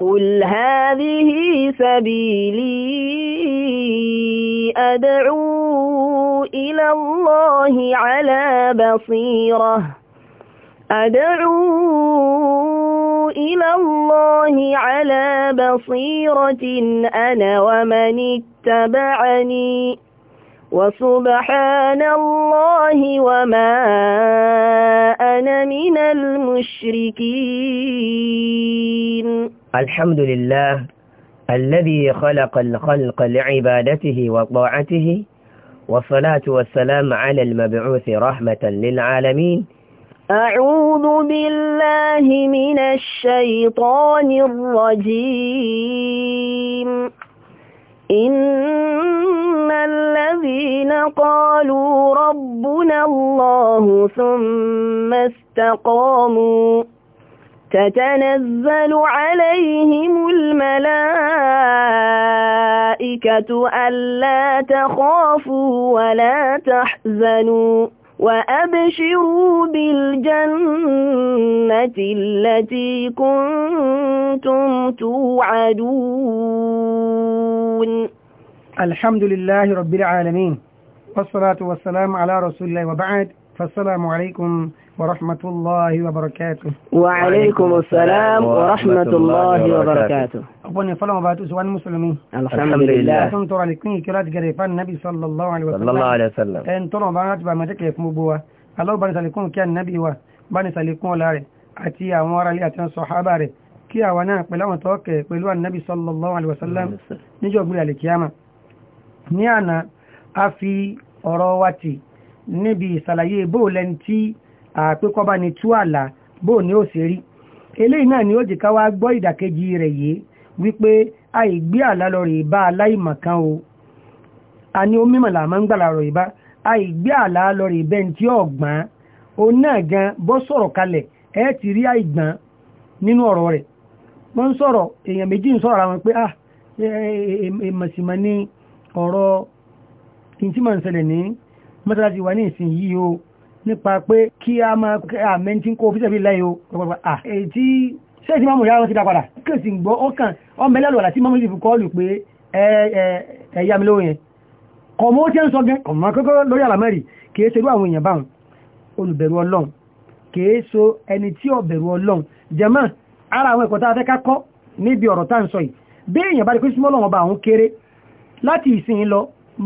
قل هذه سبيلي أدعو إلى الله على بصيرة أدعو إلى الله على بصيرة أنا ومن اتبعني وسبحان الله وما أنا من المشركين الحمد لله الذي خلق الخلق لعبادته وطاعته والصلاة والسلام على المبعوث رحمة للعالمين أعوذ بالله من الشيطان الرجيم إن الذين قالوا ربنا الله ثم استقاموا تتنزل عليهم الملائكة ألا تخافوا ولا تحزنوا وأبشروا بالجنة التي كنتم توعدون الحمد لله رب العالمين والصلاة والسلام على رسول الله وبعد فالسلام عليكم ورحمة الله وبركاته وعليكم السلام ورحمة الله وبركاته أبوني فلما بعد أسوان مسلمين الحمد لله أتم ترى لكني كرات قريفان النبي صلى الله عليه وسلم صلى الله عليه وسلم أن ترى بانات بما تكلف مبوة الله بني سالكون كان نبي و بني سالكون لاري أتي أمور لي أتي الصحابة ري كي أوانا قبل أن توقع النبي صلى الله عليه وسلم نجو يا ما. نيانا أفي أرواتي نبي سلايه بولنتي àpékọ́bá ni tú àlà bó ní ó rí eléyìí náà ni ó jẹ́ ká wá gbọ́ ìdàkejì rẹ̀ yìí wípé àìgbé lọ o a ní ó mímọ̀ làmọ́ ń gbàlà rọ̀ ìbá àìgbé àlá lọ rè bẹ́ẹ̀ tí ọ̀gbọ́n o náà gan bọ́ sọ̀rọ̀ kalẹ̀ ẹ ti rí àìgbọ́n nínú ọ̀rọ̀ rẹ̀ wọ́n ń sọ̀rọ̀ èèyàn méjì ń sọ̀rọ̀ o nípa pé kí a máa àmẹ́ntí kó fi sẹ́bí lẹ́yìn o ètí ṣé ìtí mámù yára ti dá padà kí èsì gbọ́ ó kàn ọmọlẹ́lù ọ̀la tí mámù sì fi kọ́ọ̀lù pé ẹ̀yà mi lóyìn kọ̀mọ́ ó ń sọ gẹ́ kọ̀mọ́ kọ́kọ́ lórí àlámẹ́rì kìí ṣerú àwọn èèyàn báwọn olùbẹ̀rù ọlọ́run kìí so ẹni tí ó ọlọ́run jẹ́mọ́ ara àwọn ẹ̀kọ́ tá a fẹ́ ká kọ́ níbi ọ̀rọ̀ tá à ń sọ yìí bí èèyàn bá rí pé súnmọ́ lọ́wọ́ bá àwọn kéré láti ìsìn lọ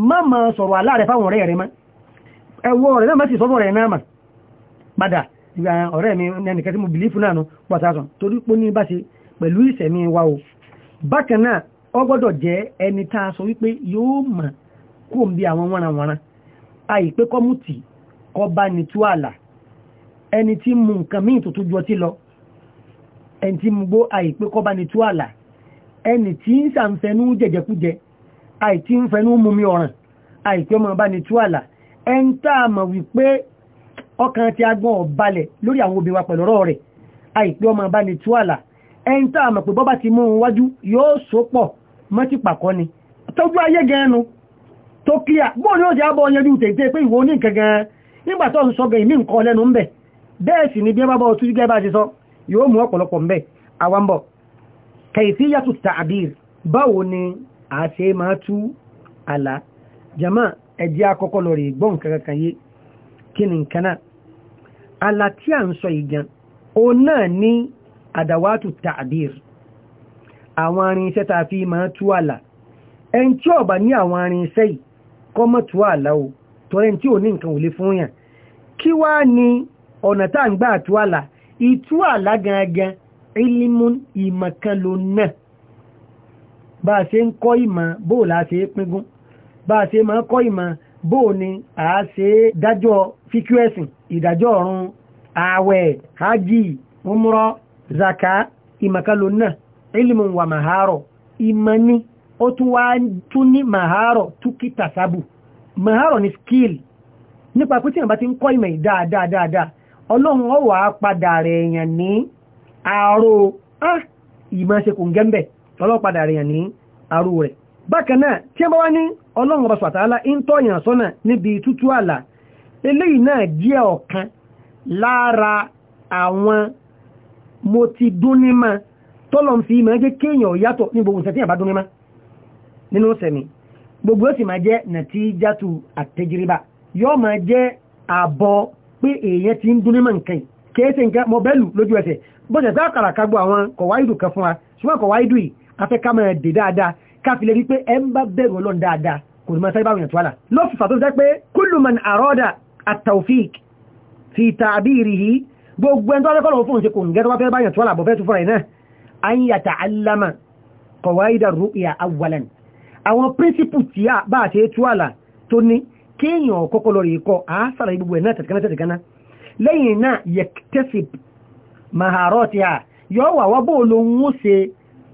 má máa sọ̀rọ̀ aláàrẹ̀ fáwọn ọ̀rẹ́ rẹ̀ mọ́ ẹwọ́ rẹ̀ náà mẹ́sì sọ́bọ̀ rẹ̀ náà mà padà ọ̀rẹ́ mi ẹnìkan tí mo bìlífù náà nù pọ̀tàsán torí ní bá ṣe pẹ̀lú wa o bákan ọ gbọ́dọ̀ jẹ́ ẹni tá a sọ wípé yóò mà kó ń bí àwọn wọ́nranwọ́nran àìpé kọ́mùtì kọ́ bá ní tú àlà ẹni tí mu nǹkan míì lọ ẹni tí mu gbó àìpé kọ́ bá àlà ẹni tí ń jẹ̀jẹ̀kújẹ ẹn tá a mọ̀ wípé ọkàn ti agbọ́n ọ̀balẹ̀ lórí àwọn obìnrin wa pẹ̀lú ọ̀rọ̀ rẹ̀ àìpé ọmọ bá ní túàlà ẹn tá a mọ̀ pé bọ́bá ti mú un wájú yóò sópọ̀ mọ́tì pàkọ́ ni tọ́jú ayé gẹ́ẹ̀nu tó kíyà bóò ní ọjà bọ́ yanjú tètè pé ìwọ ní nǹkan nígbà tó ń sọ gan ìmí nǹkan lẹ́nu ńbẹ̀ bẹ́ẹ̀ sì ni bí bá bọ́ ọtú bá ti sọ yóò mú ọ̀pọ̀lọpọ̀ ńbẹ̀ ni a ṣe máa tú àlá jama ẹjẹ́ akọ́kọ́ lọ rè gbọ́n kankan yé kí ni nǹkan náà àlá tí à ń sọ ìgan o náà ní àdàwátù tàbír àwọn arinṣẹ́ ta fi máa tú àlà ẹn tí ó bá ní àwọn arinṣẹ́ yìí kọ́ mọ́ tú àlá o tọ́rẹ́ tí ò ní nǹkan ò lè fún yàn kí wá ní ọ̀nà tá ń gbà tú àlá ìtú àlá gangan ilimun ìmọ̀kan ló náà bá a ṣe ń kọ́ ìmọ̀ bóòlá ṣe é píngún bá a ṣe máa kọ́ ìmọ̀ bó o ni a ṣe dájọ́ fíkú ẹ̀sìn ìdájọ́ ọ̀run ààwẹ̀ hajj umrọ zaka ìmọ̀kálò náà ilmu wa maharo ìmọ̀ ni ó tún wá tún ní maharo túkítà sábù maharo ni skill nípa pé tí wọ́n bá ti ń kọ́ ìmọ̀ dáadáa dáadáa ọlọ́run ó wà á padà rẹ̀ èèyàn ní àárò ah! ìmọ̀ ṣe kò ń gẹ́m̀bẹ̀ ọlọ́padà rẹ̀ èèyàn ní àárò rẹ̀ bákanáà tí a bá wá ní ọlọ́run ọba sọ̀tàálá ń tọ́yàn sọ́nà níbi tútú àlà eléyìí náà jẹ́ ọ̀kan lára àwọn mo ti tọ́lọ̀ fi ma jẹ́ kéèyàn yàtọ̀ ní gbogbo ìṣẹ́ tí a nínú sẹ̀mí gbogbo ó sì ma jẹ́ nàtíjátù àtẹjíríbà yóò ma jẹ́ àbọ̀ pé èèyàn ti ń dúnnímá nǹkan kéèsè nǹkan mo bẹ́lù lójú ẹsẹ̀ bó fẹ́ àwọn kọ̀wáìdù kan fún wa ṣùgbọ́n kọ̀wáìdù yìí máa dè dáadáa káfílẹ̀ rí pé ẹ ń bá bẹ̀rù ọlọ́run dáadáa kò ní máa sáré báwọn èèyàn tó wà lá ló fi fàtó jẹ́ pé kullu man arada at-tawfiq fi ta'birihi gbogbo ẹni tó wá lẹ́kọ̀ọ́ fún òun ṣe kò ń gẹ́ tó wá fẹ́ báyàn tó wà lábọ̀ fẹ́ tó fúnra ẹ̀ náà an yata'allama qawaida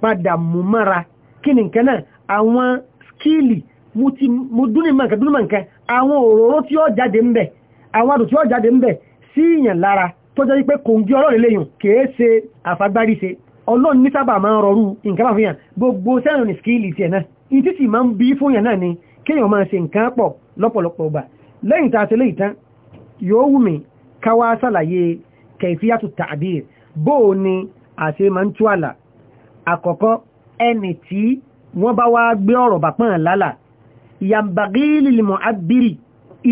padà mú mára kí ni nǹkan náà àwọn skíìlì mo dúnni mọ̀ nǹkan dúnni mọ̀ nǹkan àwọn òróró tí ó jáde ń bẹ̀ àwọn àdùn tí ó jáde ń bẹ̀ sí ìyàn lára tó jẹ́ pé kò ń gé ọlọ́rin léyìn kìí ṣe àfagbárí ṣe ọlọ́run ní sábà máa ń rọrú nǹkan bá fihàn gbogbo sẹ́rùn ní skíìlì tiẹ̀ náà ìtí sì máa ń bí fún yàn náà ni kéèyàn máa ṣe nǹkan pọ̀ lọ́pọ̀lọpọ̀ ọgbà lẹ́yìn tá a ṣe léyìí tán yóò wù mí káwá ṣàlàyé kẹ̀fíyàtù tàbí bóò ni àṣe máa ń tú àlà àkọ́kọ́ ẹni tí wọ́n bá wá gbé ọ̀rọ̀ bàpán lálà ìyàmbàgí lílìmọ̀ abiri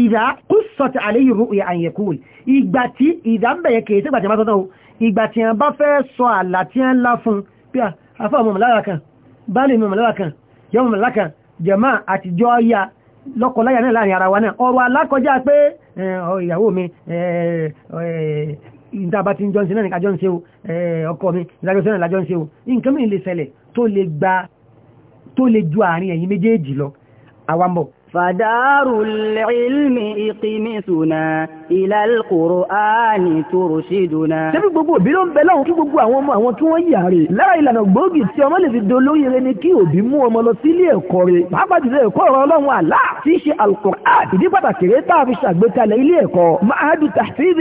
ìdá kú sọ̀tì àléyìí rúkúyà àyẹ̀kúl ìgbà tí ìdá ń bẹ̀yẹ kèé sígbà tí a bá tọ́tọ́ ìgbà tí a bá fẹ́ sọ àlà tí ya lọ́kọ̀láyà náà láàrin ara wa náà ọ̀rọ̀ alákọjá pé ìyàwó mi ìdábàtí jọ́nsẹ̀ náà ní kájọ́nsẹ̀ ọkọ mi ìdájọ́sẹ̀ náà lájọ́nsẹ̀ nǹkan mi lè ṣẹlẹ̀ tó lè ju àárín ẹ̀yin méjèèjì lọ àwambọ̀ فدار العلم اقمتنا إلى القرآن ترشدنا ṣebí gbogbo òbí ló ń bẹ láwọn kí gbogbo àwọn ọmọ àwọn tí wọ́n yà rè lára ìlànà gbòógì tí ọmọ lè fi dolóyè rẹ ni kí òbí mú ọmọ lọ sí ilé ẹ̀kọ́ rẹ pàápàá jùlọ ẹ̀kọ́ ọ̀rọ̀ ọlọ́run àlá tí í ṣe alukur'an ìdí pàtàkì rẹ tá a fi ṣàgbékalẹ̀ ilé ẹ̀kọ́ mahadu tahfiz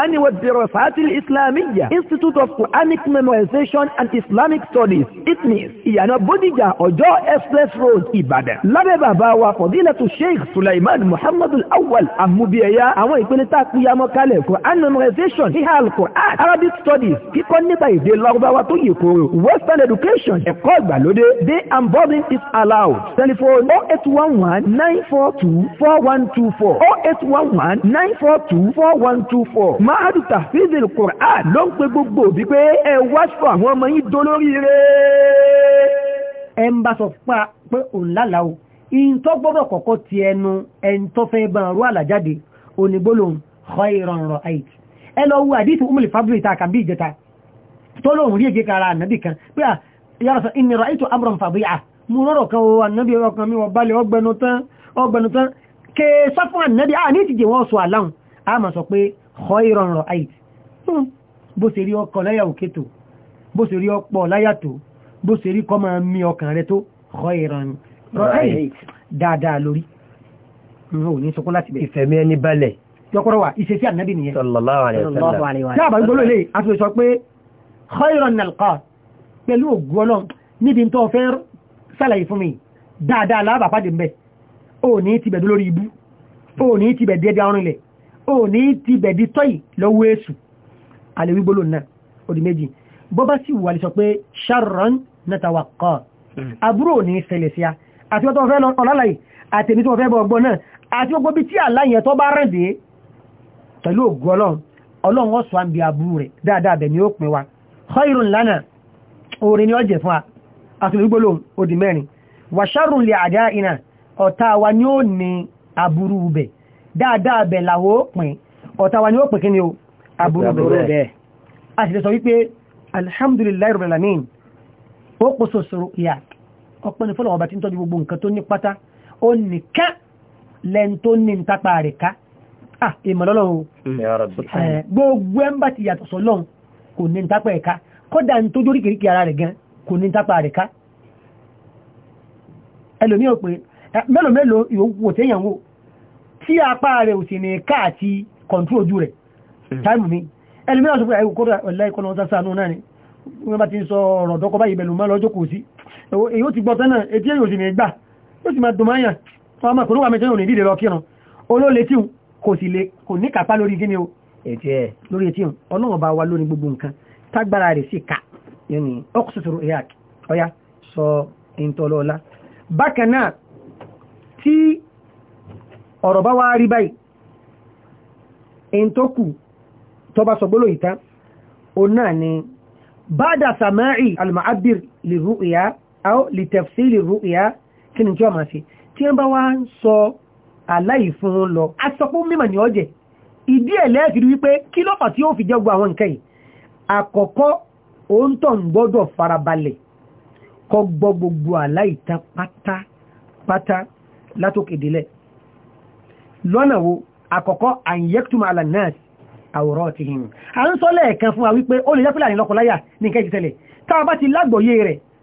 al wa dirasat al institute of quranic memorization and islamic studies itnis ìyànà bódìjà ọjọ́ express road ìbàdàn lábẹ́ bàbá wa fọ̀dílẹ̀ fadilatu sheikh sulaiman muhammadu awal amubiyaya àwọn ìpele tá a kúyàmọ́ kalẹ̀ Quran memorization hihà al-Quran arabic studies kíkọ́ nípa èdè lọ́gbàwá tó yè kóró western education ẹ̀kọ́ ìgbàlódé day and boarding is allowed telephone oh eight one one nine four two four one two four oh eight one one nine four two four one two four mahadu tahfiz al-Quran ló ń pe gbogbo òbí pé ẹ wá sọ àwọn ọmọ yín dolóríire ẹ ń bá sọ pé òun lálàá o in tó gbọ́dọ̀ kọ́kọ́ ti ẹnu ẹni tó fẹ́ bá rú àlàjáde onígbólóhùn khayran ra'ayt ẹ lọ wo àdìsí umul fabri ta kàbí ìjẹta tó lóhùn rí èké kara ànábì kan pé ah, ya rasul inni ra'aytu amran fadi'a mú rọ̀rọ̀ kan wo ànábì ọkàn mi wọ́n balẹ̀ ke sọ fún ànábì a ah, ní ìtìjẹ wọn sọ àláhùn a máa sọ pé khayran ra'ayt hmm, bó ṣe rí ọkọ̀ láyà òkè ọkàn rẹ rọ́ẹ̀t dáadáa lórí wọn ò ní sọkún láti bẹ̀rẹ̀ ìfẹ̀mí ẹni balẹ̀ yọkọrọ wa ìṣesí ànábì nìyẹn sallallahu alaihi wasallam tí a bá gbóló lè a fi sọ pé khairan nalqa pẹ̀lú ògùn ọlọ́run níbi tó fẹ́ sàlàyé fún mi dáadáa láàbà pàdé mbẹ ò ní ti bẹ̀dú lórí ibú ò ní ti bẹ̀dí ẹbí àwọn ilẹ̀ ò ní ti wà lè sọ pé sharon natawa kọ́ àti wọ́n tó fẹ́ ọlálàyé àtẹ̀mí tó fẹ́ bọ̀ ọgbọ́n náà àti gbogbo bí tí àláyẹ tó bá rẹ̀ dé pẹ̀lú ògùn ọlọ́run ọlọ́run ọ̀sọ̀ àbí àbúrú rẹ̀ dáadáa bẹ̀ ni ó pin wa khairun lana orin ni ó jẹ́ fún wa àtìlú gbólóhùn ó ní ọpẹ́ ni fọ́lọ̀wọ́ bá ti ń tọ́jú gbogbo nǹkan tó ní pátá ó nìkan lẹ́n tó ní tápá rẹ̀ ká ìmọ̀lọ́lọ́wọ́ mm, gbogbo ẹ̀ ń bá ti yàtọ̀ sọ́lọ́run kò ní tápá ẹ̀ ká kódà ń tójú oríkèríkè ara rẹ̀ gan kò ní tápá rẹ̀ ká ẹlòmí ò pé mélòó mélòó ìwò téèyàn wò tí apá rẹ̀ ò sì ní ká àti ojú rẹ̀ mm. táìmù mi ẹlòmí ò sọ pé ẹ̀kọ́ ọ̀lá ìkọ́nà ọ̀tá náà ni wọ́n bá ti ń sọ ọ̀rọ̀ dọ́kọ báyìí bẹ̀lú mọ́ lọ́jọ́ kò sí èyí ó ti gbọ́ tánà etí èyí ò sì ní gbà ó sì máa dùnmáyà ọmọ kò ní wà mẹ́tẹ́ òní dìde lọ kírun olóòlétí kò sì lè kò ní kàpá lórí gíní o lórí etí ọlọ́run bá wa lórí gbogbo nǹkan tágbára rẹ̀ sì kà yẹni ọkùsùsùrù iraq sọ ìntọ́lọ́ọ̀lá bákan náà tí ọ̀rọ̀ bá wá rí báyìí àwọn lìtẹ̀fíìlì rúìyà kí ni tí wọ́n máa ṣe tí wọ́n bá wá ń sọ aláì fún un lọ asọpọ̀ mímọ̀ ní ọjẹ́ ìdí ẹ̀ lẹ́ẹ̀fi rí wípé kí lọ́pàá tí ó fi jẹ́ gbọ́ àwọn nǹkan yìí àkọ́kọ́ òǹtọ̀ ń gbọ́dọ̀ farabalẹ̀ kọ́ gbọ́ gbogbo aláì tán pátápátá látòkè délẹ̀ lọ́nà àwòrán ti hìn à ń sọ lẹ́ẹ̀kan fún wa wípé ó lè jẹ́ pé láàrin lọ́kọ̀láyà ní nǹkan ìṣẹ̀lẹ̀ táwa bá ti lágbòye rẹ̀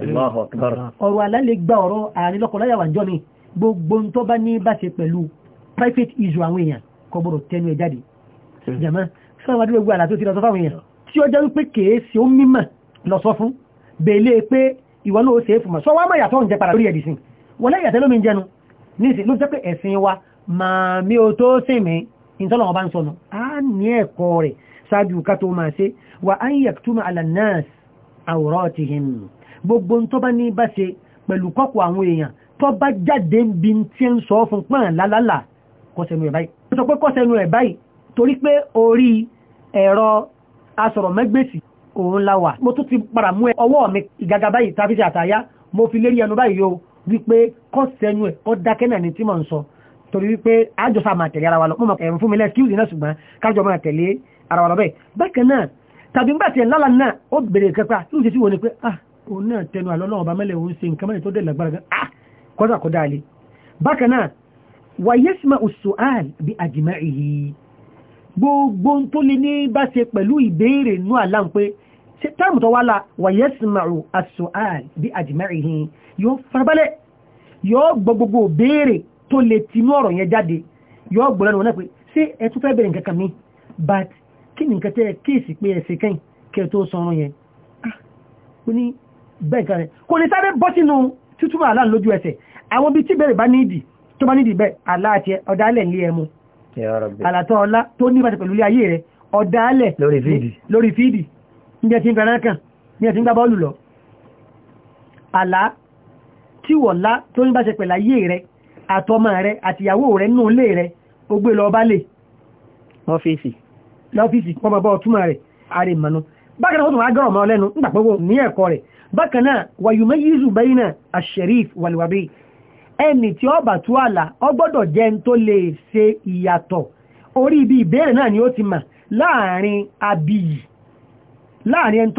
ọ̀rọ̀ alálẹ̀ gba ọ̀rọ̀ àárín lọ́kọ̀láyàwó àjọ mi gbogbo ń tó bá ní bá ṣe pẹ̀lú private issue àwọn èèyàn kọbọ̀rọ̀ tẹnu ẹ̀ jáde hmm. jama sọ́wọ́n adúgbò gbogbo àlàtó ti lọ sọ fáwọn èèyàn tí ó jẹ́ wípé kèése ó mímọ̀ lọ sọ fún bèèlé pé ìwọ náà ó ṣe é fún mọ̀ sọ wá mọ̀ yàtọ̀ ń jẹ padà lórí ẹ̀dì sí wọ́n lẹ́yìn àtẹ́lómi àwòrán ti hìn gbogbo tó bá ní bá ṣe pẹ̀lú kọ́kọ́ àwọn èèyàn tó bá jáde ń bi tí ń sọ fún pọ́n lálálà kọ́sẹ̀nu ẹ̀ báyìí sọ pé kọ́sẹ̀nu ẹ̀ báyìí torí pé orí ẹ̀rọ asọ̀rọ̀mẹ́gbèsì òun la wà mo tún ti padà mú ọwọ́ mi ìgagà báyìí tàbí ṣe àtàyá mo fi lérí ẹnu báyìí yóò wípé kọ́sẹ̀nu ẹ̀ ó dákẹ́ náà ní tí mò ń sọ torí wípé àjọ sáà máa tẹ̀lé ara wa lọ mọ́ ẹ̀rùn fún mi lẹ́skíùsì náà ṣùgbọ́n kájọ máa tẹ̀lé ara wa lọ bẹ́ẹ̀ bákan náà tàbí ńgbà tí ẹ̀ lálàá náà ó bèrè kẹta yóò ṣe sí wọn ni pé ah òun náà tẹnu àlọ́lọ́wọ́ bá mẹ́lẹ̀ òun ṣe nǹkan mẹ́lẹ̀ tó dẹ̀ lágbára gan ah kọ́dà kọ́dà lè bákan náà wà yẹ́sìmá òṣùàl bí àjìmá ìhì gbogbo tó lè ní bá ṣe pẹ̀lú ìbéèrè nú àlám pé táàmù tó wá la wà yẹ́sìmá òṣùàl bí àjìmá ìhì yóò farabalẹ̀ yóò gbọ́ gbogbo béèrè tó lè tinú ọ̀rọ̀ yẹn jáde yóò gbọ́ lẹ́nu wọn pé ṣé ẹ tún fẹ́ bẹ̀rẹ̀ nǹkan kan mi but kí ni nǹkan tẹ́ kéèsì pé ẹ ṣe kẹ́yìn kẹ́ tó sọ̀rọ̀ yẹn ah ó ní bẹ́ẹ̀kan rẹ̀ kò lè sáré bọ́ sínú tútúmọ̀ àlá lójú ẹsẹ̀ àwọn bí tí bẹ̀rẹ̀ bá nídì tó bá nídì bẹ́ẹ̀ aláàtẹ ọ̀dálẹ̀ ní ẹmu àlàtọ̀ ọlá tó ní ìbáṣe pẹ̀lú ilé ayé rẹ̀ ọ̀dálẹ̀ lórí fídì ní ẹ̀sìn fẹ̀rẹ̀ kan ní ẹ̀sìn gbá bọ́ọ̀lù lọ àlá tí wọ̀lá tó ní ìbáṣe pẹ̀lú ayé rẹ̀ àtọmọ rẹ̀ àtìyàwó rẹ̀ nínú ilé rẹ̀ ó gbé lọ bá lè lọ́fíìsì lọ́fíìsì wọ́n bọ̀ bọ́ ọ̀túnmọ̀ rẹ̀ àrèmọ̀nù bákan náà wọ́n tún wá gọ́rọ̀ mọ́ lẹ́nu nígbàpọ̀wọ́ ní ẹ̀kọ́ rẹ̀ bákan naa wàyùmẹ́ yíṣù bẹ́yìn náà àṣẹ̀ríf wàlúwàbí ẹni tí ó ala tú àlà ó gbọ́dọ̀ jẹ́ tó lè ṣe ìyàtọ̀ orí ibi náà ni ó ti mà láàrin abiyì láàrin ẹni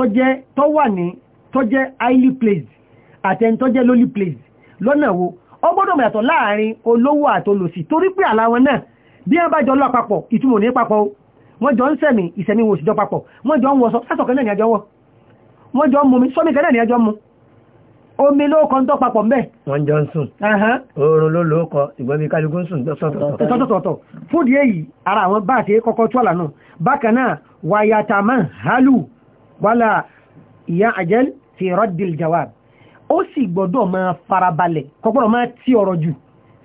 tó wà ní highly placed àti ẹni lowly placed lọ́nà wo ó gbọ́dọ̀ mọ̀ laarin láàrin olówó àtolòsì torí pé àlà wọn náà bí wọ́n bá jọ lọ papọ̀ ní papọ̀ wọ́n jọ ń sẹ̀mí ìsẹ̀mí wọn papọ̀ wọ́n jọ ń wọ́n jọ mú mi sọ́mí kẹ́lẹ̀ ní ẹjọ́ mú omi ló kọ́ ń tọ́ papọ̀ mẹ́ wọ́n jọ ń sùn oorun ló ló kọ ìgbọ́mí kálukú ń sùn tọ́tọ̀tọ̀tọ̀ fún di èyí ara àwọn bá àti kọ́kọ́ tọ́là náà bákan náà wàyàtà máa hálù wàlà ìyá àjẹ́l ti rọ́dìl jawab ó sì gbọ́dọ̀ máa farabalẹ̀ kọ́kọ́rọ̀ máa tí ọ̀rọ̀ jù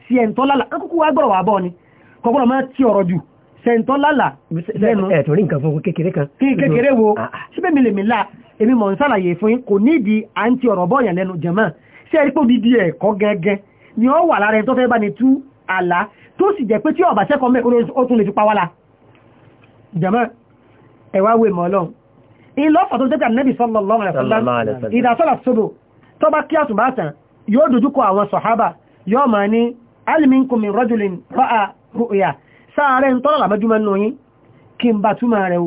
sí ẹ̀ńtọ́lálà akókò wá gbọ́rọ̀ wà bọ́ ni kọ́kọ́rọ̀ máa tí ọ̀rọ̀ jù sẹ́ńtọ́lálà lẹ́nu ẹ̀tọ́rí nǹkan fún kékeré kan kékeré wo síbẹ̀ ah, ah. mi lè mi láà èmi mọ̀ ń sàlàyé fún yín kò nídìí à ń ti ọ̀rọ̀ bọ́ọ̀yàn lẹ́nu jẹ̀mọ́ ṣé ẹ̀rí pé odidi ẹ̀kọ́ gẹ́gẹ́ ni ó wà lára ẹni tó fẹ́ bá ni tú àlá tó sì jẹ́ pé tí ọ̀bà sẹ́kọ̀ọ́ mẹ́ ó tún la jẹ̀mọ́ ẹ̀wá wé mọ́ ọlọ́run ìlọ́fà tó tẹ́tà nẹ́bì sallallahu alaihi wasallam ìdásọ́lá sóbò tó ra'a ru'ya sáàrẹ́ ń tọ́lọ̀ làmẹ́júmọ́ nù yín kí n bá túmọ̀ rẹ̀ o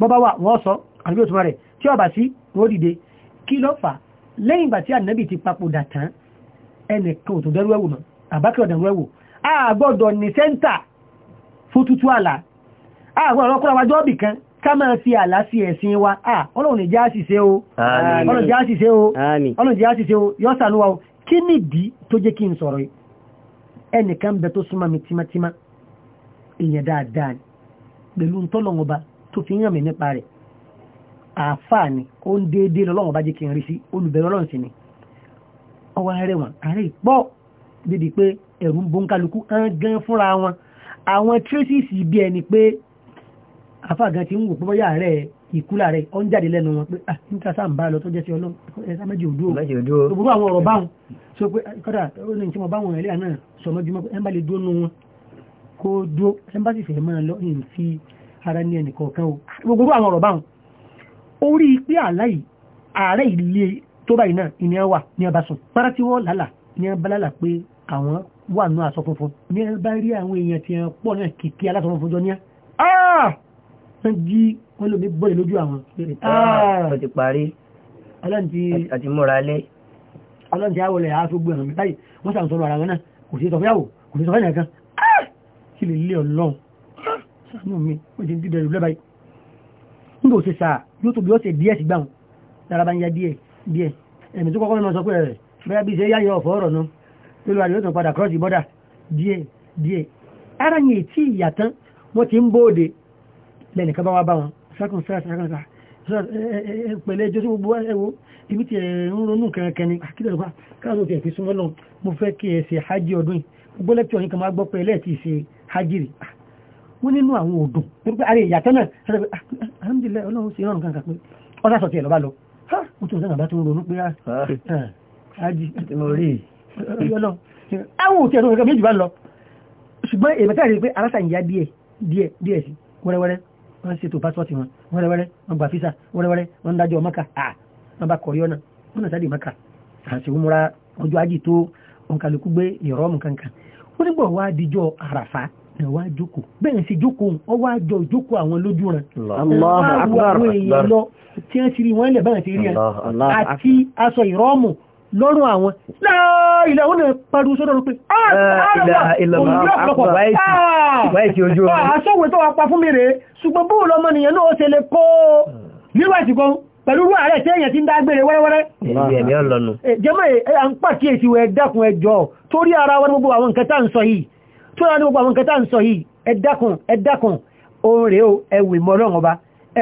bọ́bá wà wọ́n sọ àbí òtúmọ̀ rẹ̀ tí ọba sí wọ́n dìde kí ló fà lẹ́yìn ìgbà tí ànábì ti papòdà tán ẹnìkan ò tó dẹ́rú ẹ̀wò mọ́ àbákẹ́ ọ̀dẹ̀rú ẹ̀wò a gbọ́dọ̀ ní sẹ́ńtà fún tútú àlà a gbọ́dọ̀ ọkùnrin àwájọ́ ọ̀bì kan ká máa fi àlá sí ẹ̀sìn wa a ọlọ́run ìjá àṣìṣe o ọlọ́run ìjá àṣìṣe o ọlọ́run ìjá àṣìṣe o yọ́ sànúwa o kí nìdí tó jẹ́ kí n sọ̀rọ̀ yìí ẹnìkan bẹ tó fi ń hàn nípa rẹ̀ àáfàá ni ó ń déédéé lọ́lọ́wọ́n bá jẹ́ kí n rí sí olùbẹ̀rẹ̀ ọlọ́run sí ni ọwọ́ ẹrẹ̀ wọn àárẹ̀ ìpọ́ débi pé ẹ̀rù ń bó ń kálukú gan fúnra wọn àwọn traces bí ẹni pé àáfàá gan ti ń wò pé bóyá àárẹ̀ ìkúlà rẹ̀ ó jáde lẹ́nu wọn pé ah níta sáà ń bá lọ tó jẹ́ sí ọlọ́run ẹ̀sà méjì òdúró òbúrú àwọn ọ̀rọ̀ báwọn sọ pé kọ́dà ó ní tí mo báwọn ẹ̀lẹ́yà náà sọmọ́júmọ́ pé ẹ̀ ń bá lè dúró nù wọn kó dúró ẹ̀ ń bá sì fẹ́ máa gbogbo àwọn ọ̀rọ̀ báwọn orí pé àláì ààrẹ ilé tó báyìí náà ìní wà ní ọba sùn para tí wọ́n lálà ní abalálà pé àwọn wà ní aṣọ funfun ní ọba rí àwọn èèyàn tí wọ́n pọ̀ náà kìkì aláṣọ funfun jọ ní ah! wọ́n jí wọ́n lómi bọ́ọ̀lẹ̀ lójú àwọn ọ̀rọ̀ ah! ah! ti parí àti múra alẹ́ ọlọ́ntí àwọlẹ̀ àáṣogbò ẹ̀rọ mẹ́ta yìí wọ́n sàǹsọ̀rọ̀ ara wọn náà kò sí sọfẹ́yàwó kò sí kan kí lè lé ọlọ́run sàánú mi ó ti ń dídẹ̀ ń bò ṣe sà yóò tó bí ó ṣe díẹ̀ sí gbàùn lára bá ń ya díẹ̀ díẹ̀ ẹ̀mí tó kọ́kọ́ mọ́ sọ pé rẹ̀ eh, bẹ́ẹ̀ bí ṣe yá yọ ọ̀fọ́ ọ̀rọ̀ nu tó lọ àdìyótàn padà cross the border díẹ̀ díẹ̀ ara yẹn tí ìyà tán wọ́n ti ń bóde lẹ́nìkan bá wá bá wọn sákùn sákùn sáà pẹ̀lẹ́ jọsí gbogbo ẹwọ́ ibi tí ẹ̀rùn ronú kẹrẹkẹni àkídọ̀lọ́pá ah, káàkiri òkè fi súnmọ́ lọ mo fẹ́ kí ẹ ṣe hajji ọdún gbogbo lẹ́kítọ̀ yìí kan máa gbọ́ pẹ̀lẹ́ ti ṣe hajjiri wọ́n nínú àwọn odò torípé àrí ìyàtọ̀ náà ah, ah, ah, alhamdulillah ọlọ́run sí ìrọ̀rùn kankan pé ọ̀dà sọ̀tì ẹ̀ lọ́ba lọ ó tún sẹ́gbàbá tó ń ronú pé ájì ọlọ́run àwọn òtí ẹ̀rọ kankan méjì bá lọ ṣùgbọ́n èmi táà rí pé arásà ìyá díẹ̀ díẹ̀ díẹ̀ sí wẹ́rẹ́wẹ́rẹ́ wọ́n ṣètò pásítọ̀tì wọn wẹ́rẹ́wẹ́rẹ́ wọ́n gbà físà wẹ́rẹ́wẹ́rẹ́ wọ́n dájọ́ mọ́kà wọ́n bá kọ̀rí ọ̀nà wọ́n náà sáré mọ́kà àti òmùra ọjọ́ ajì tó òǹkàlùkù gbé ìrọ́mù kankan wọ́n nígbà wá díjọ́ àràfà náà wá jókòó bẹ́ẹ̀ sì jókòó ọ wá jọ jókòó àwọn lójú ran àwọn èèyàn lọ tí wọ́n ti rí wọ́n lẹ̀ báyìí ti rí àti aṣọ ìrọ́mù lọ́rùn àwọn láàrín ah, ah, ah, hmm. àwọn pẹ̀lú sọ́dọ̀ pé ààrẹ pẹ̀lú rú ààrẹ tí èyàn ti ń dágbére wẹ́rẹ́wẹ́rẹ́ eh, jẹ́mọ́ eh, à ń pàkíyèsí wẹ́ dákun ẹjọ́ torí ara wọn gbogbo àwọn nǹkan tá ń sọ yìí tó rán ní gbogbo àwọn kẹta ń sọ yìí ẹ̀dákun ẹ̀dákun oòrùn rẹ̀ o ẹwù ìmọ̀lọ́rùn ọba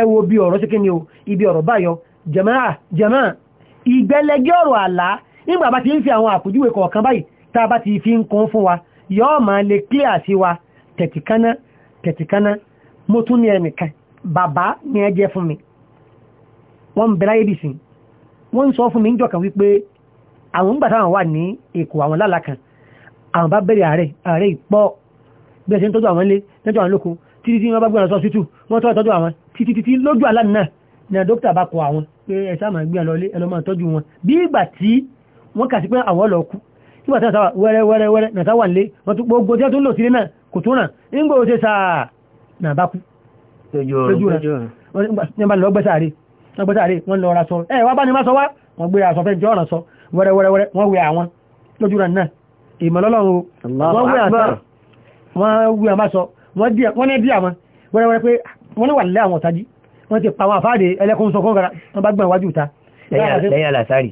ẹwù bí ọ̀rọ̀ sí kíni o ibi ọ̀rọ̀ báyọ jàmáà ìgbẹ́lẹ́gẹ́ ọ̀rọ̀ àlá nígbà bá ti ń fi àwọn àpòjúwe kọ̀ọ̀kan báyìí tá a bá ti fi ń kún fún wa yóò máa lè clear sí wa tẹ̀tìkáná tẹ̀tìkáná mo tún ní ẹnìkan bàbá ni ẹ jẹ́ fún mi wọ́n ń bẹ láyé dìsìn wọ́n ń sọ fún mi ń jọ̀kan wípé àwọn ń gbà táwọn wà ní èkó àwọn lálàkan àwọn bá bẹ̀rẹ̀ ààrẹ ààrẹ ìpọ́ bẹ́ẹ̀ sí ń tọ́jú àwọn ilé tọ́jú àwọn lóko títí tí wọ́n bá gbọ́nà sọ́sítù wọ́n tọ́ ìtọ́jú àwọn títí títí lójú aláàánà ni dókítà bá kọ àwọn pé ẹ̀sà máa gbé ọlọ́lé ẹlọ́mọ tọ́jú wọn bí ìgbà tí wọ́n kà sí pé àwọn lọ kú nígbà tí wọ́n sáwà wẹ́rẹ́ wẹ́rẹ́ wẹ́rẹ́ nàta wà nílé wọ́n tún gbogbo tí wọ́n tún lò sílé náà kò tún ràn nígbà ó ṣe sáà nà bá kú lójú rẹ̀ lọ́gbẹ́sàárẹ̀ lọ́gbẹ́sàárẹ̀ wọ́n lọ ra sọ ẹ̀ wá bá ní má sọ wá wọ́n gbé aṣọ fẹ́ jọ́ ọ̀ràn sọ wẹ́rẹ́ wọ́n wẹ àwọn lójú náà ìmọ̀lọ́lọ́run wọ́n wé àtàrà wọ́n wé àmáṣọ wọ́n ní díà wọn wẹ́rẹ́wẹ́rẹ́ pé wọ́n ní wà lẹ́ àwọn ọ̀tají wọ́n ti pàwọn àfáàdé ẹlẹ́kùn sọ kọ́gara wọ́n bá gbọ́n wájú ìta lẹ́yìn alásárì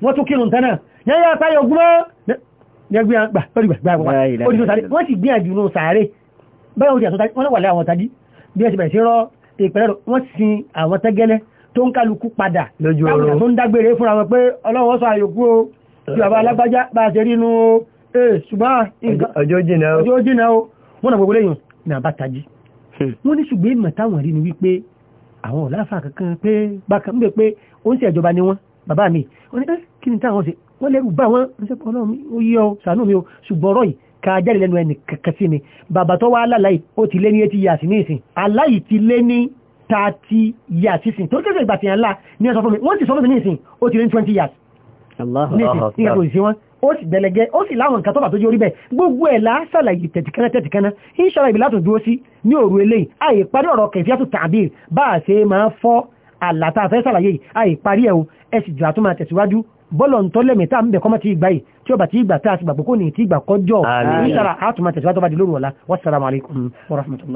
wọ́n tún kírun tẹ́nà yẹ́yẹ́ àtàrí ogun mọ́ tó ń kálukú padà lójú ọ̀rọ̀ tó ń dágbére fúnra wọn pé ọlọ́wọ́ sọ àyòkú o tí bàbá alágbájá bá ṣe rí inú o ee eh, ṣùgbọ́n ọjọ́ jìnà o wọ́n nà gbogbo lẹ́yìn ní àbátají hmm. wọ́n ní ṣùgbọ́n èèmọ̀ táwọn rí ni wípé àwọn ọ̀láfà kankan pé bákan ń bẹ pé ó ń ṣe ni wọ́n bàbá mi wọ́n ní ah, kí ni táwọn ṣe wọ́n lẹ́rù bá wọn ń sẹ́pọ̀ ó yí ọ sàánú mi o ṣùgbọ́n ọ̀rọ̀ yìí ka lẹ́nu ẹnì kankan sí mi bàbá tó wá láláì ó ti lé ní etí yà sí ní ìsìn aláì ti lé ní 30 years sísìn tó tẹ́sẹ̀ ìgbàtí yàn lá ní ẹ̀sọ́ fún mi wọ́n ti sọ fún mi ní ìsìn ó ti rí 20 years ó sì bẹ̀lẹ̀gẹ́ ó sì láwọn nǹkan tọ́bà tó jẹ́ orí bẹ̀ gbogbo ẹ̀ lásàlàyé tẹ̀tìkẹ́nà tẹ̀tìkẹ́nà ìṣọ́ra ìbí látò dúró sí ní òru eléyìí àyè parí ọ̀rọ̀ kẹfíàtù tàbí bá a ṣe máa fọ́ àlàtà afẹ́ sàlàyé àyè parí ẹ̀ o ẹ sì jọ àtúmọ̀ tẹ̀síwájú bọ́lọ̀ ń tọ́lẹ̀ mẹ́ta ń bẹ̀ kọ́mọ́ ti gbà yìí tí ó bá ti gbà tá a sì gbàgbọ́ kò ní ti gbà kọjọ́ ìṣàrà àtúmọ̀ di lóru ọ̀la wassalamu alaikum warahmatullah